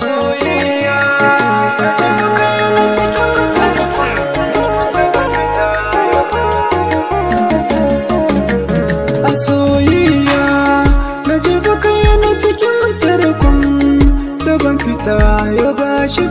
soyayya na jefa kaya na cikin tarkon da ban fita ya gashi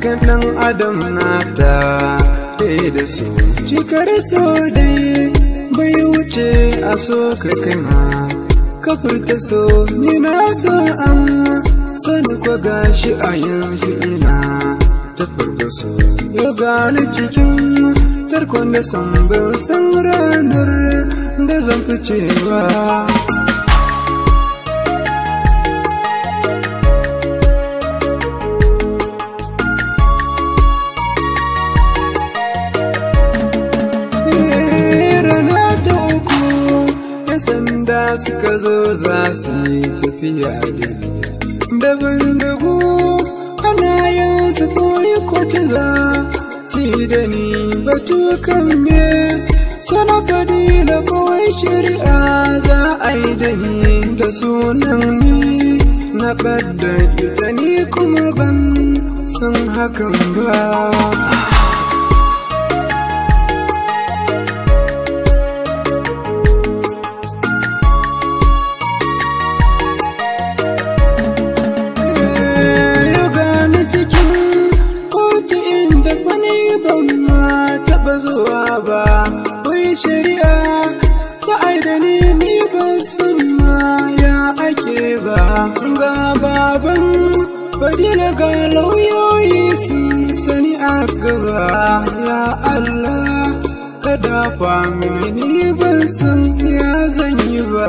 dukkanin adam nata ɗaya eh, da su cikar so dai bai wuce a so ka kaima ka furta so ni na so amma sani ko gashi a yanzu ina ta furta so ya gani cikin tarkon da san ban san ranar da zan fi cewa da suka zo za su yi tafiya da da bindigu ana yanzu koyi kwatila si da ni batu kan me sana da kawai shari'a za a yi da ni da sunan ni na ɓadda ita ni kuma ban san hakan ba zuwa ba wai shari'a ta aidani ni ban san ma ya ake ba ga baban fadila ga lauyoyi sun sani a gaba ya Allah kada fa mini ban san ya yi ba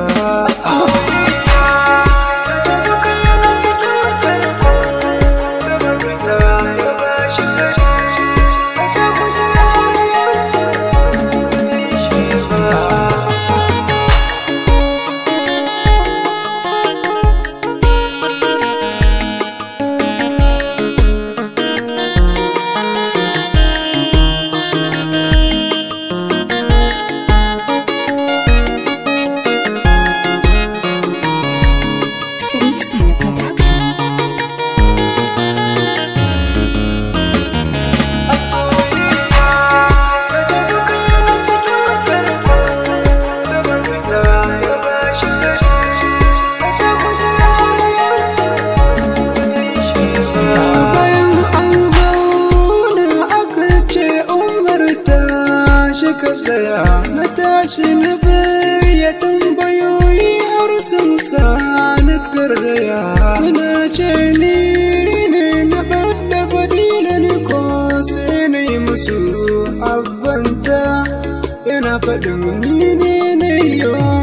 tashi na ya tambayoyi har sun sani karraya suna ce ni ne na bada fadilan ko sai na yi musu abanta yana faɗin ni ne na yau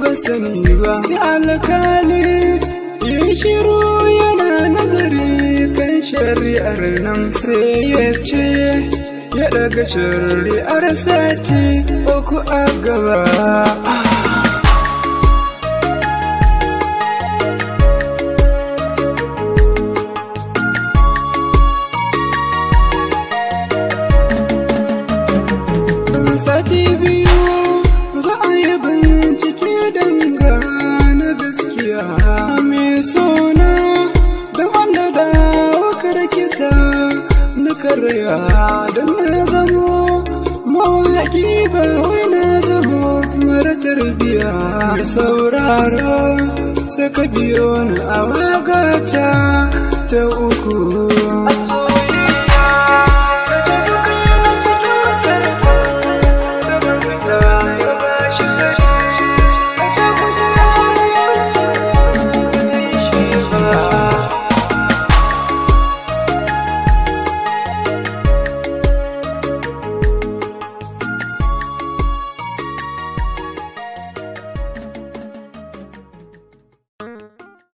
ban sani ba alkali yi shiru yana nazari kan shari'ar nan sai ya ce ya daga shari'ar sati uku a gaba karya don na zamo mawaƙi ba na zamo mara tarbiya sauraro biyo ni a ta uku